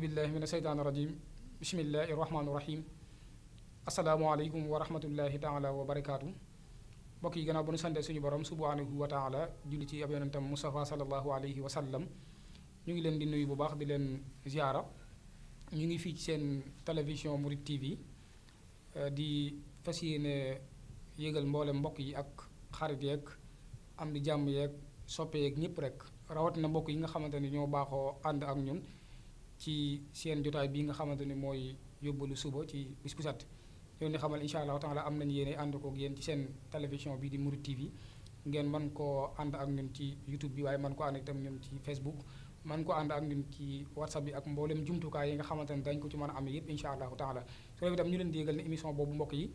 بالله من الشيطان الرجيم بسم الله الرحمن الرحيم السلام عليكم ورحمة الله تعالى وبركاته بكي جنا بني سند سني برام سبحانه وتعالى جلتي أبي نتم مصطفى صلى الله عليه وسلم نيجي لين دينوي بباخ دين زيارة نيجي في تشين تلفزيون موريد تي في دي فسين يجعل مولم بكي أك خارجيك أم دي جام يك سوبيك نيبرك rawat na mbokk yi nga xamanteni ñoo baaxoo ànd ak ñun ci seen jotaay bi nga xamante ne mooy yóbbalu suba ci bis bu set yoon ni xamal incha allahu taala am nañu yéene ànd kook yéen ci seen télévision bi di Mouride TV ngeen mën koo ànd ak ñun ci YouTube bi waaye mën ko ànd itam ñun ci Facebook mën ko ànd ak ñun ci WhatsApp bi ak mboolem jumtukaay yi nga xamante ne dañ ko ci mën a amee yëpp incha allahu taala su dee itam ñu leen di yëgal ne émission boobu mbokk yi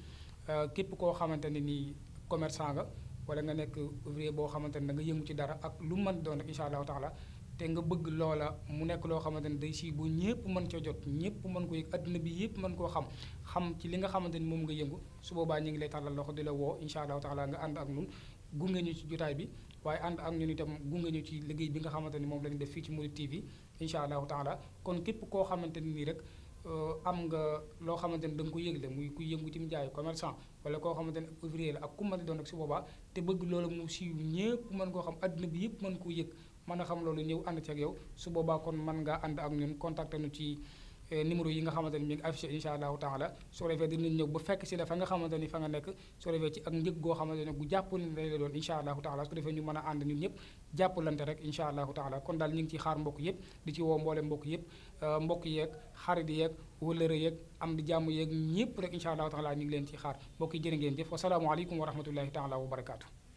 euh, képp koo xamante ne nii commerçant nga wala nga nekk ouvrier boo xamante ne da nga yëngu ci dara ak lu mën doon rek incha allahu taala te nga bëgg loola mu nekk loo xamante ne day si bu ñëpp mën ca jot ñëpp mën ko yëg adduna bi yëpp mën koo xam xam ci li nga xamante ni moom nga yëngu su boobaa ñu ngi lay tàllal loxo di la woo incha allahu taala nga ànd ak ñun gunge ñu ci jotaay bi waaye ànd ak ñun itam gunge ñu ci liggéey bi nga xamante ni moom lañu def fii ci Mouride TV incha allahu taala kon képp koo xamante ni nii rek Euh, am nga loo xamante ne da nga ko yëgle muy kuy yëngu ci njaay commerçant wala koo xamante ne ouvrier la ak ku mën a doon ak su boobaa te bëgg loolu mu siiw ñëpp mën koo xam àdduna bi yëpp mën koo yëg mën a xam loolu ñëw ànd ci ak yow su boobaa kon mën ngaa ànd ak ñun contacté nu ci Euh, numéro yi nga xamante ni mi ngi affiché incha allahu taala soo defee dinañ ñëw ba fekk si la fa nga xamante ni fa nga nekk soo defee ci ak njëg goo xamante ne gu jàppalante lay doon incha allahu taala defee ñu mën a ànd ñun ñëpp jàppalante rek incha allahu taala kon daal ñu ngi ciy xaar mbokk yëpp di ci woo mboole mbokk yëpp euh, mbokk yeeg xarit yeeg wëllëre yeeg am di jàmm yeeg ñëpp rek incha allahu taala ñu ngi leen ci xaar mbokk yi jërë ngeen jëf wasalaamualeykum wa rahmatullahi taala wa